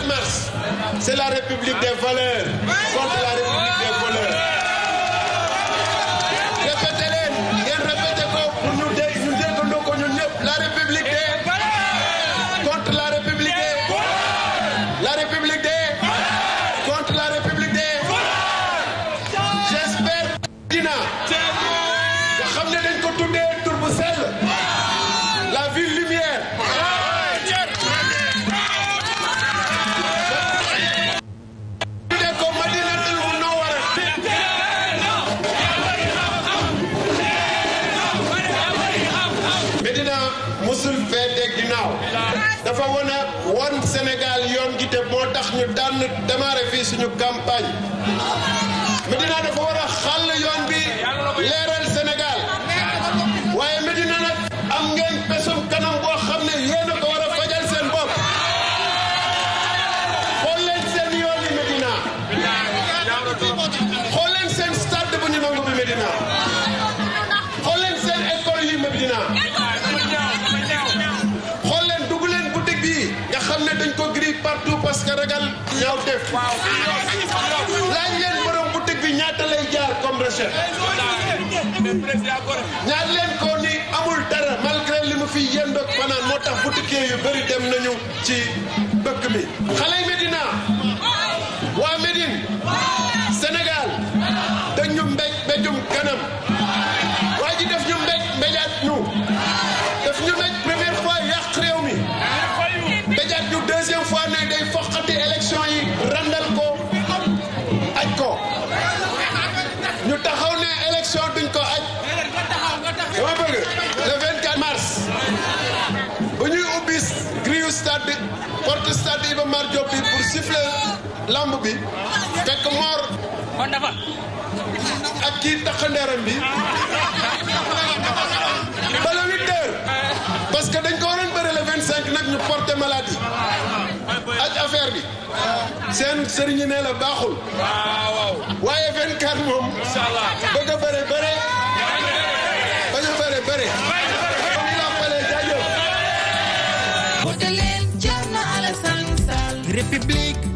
7 c'est la République des valeurs contre la République des valeurs. musul féete ginnaaw dafa wone wan Sénégal yoon gi moo tax ñu daan démarré fii suñu campagne Médina dafa war xàll parce que ragal yow def laaj leen borom boutique bi ñaata lay jaar comme recherche ñaar leen ko amul dara malgré li mu fi yendoog fanaan moo tax boutiquier yu bari dem nañu ci bëkk bi xale yi Medina waa Médine Sénégal dañu mbéj mbéjum kanam waa ji def ñu mbéj mbéjaat ñu ba ñuy ubbi grille stade porte stade Iba Mar bi pour siffler lamb bi fekk Mor. ak kii taxandeeram bi. ba le parce que dañ ko waroon bëri le vingt cinq nag ñu porté maladie. ak affaire bi. seen sëriñ ne la baaxul. waaye vingt quatre moom. république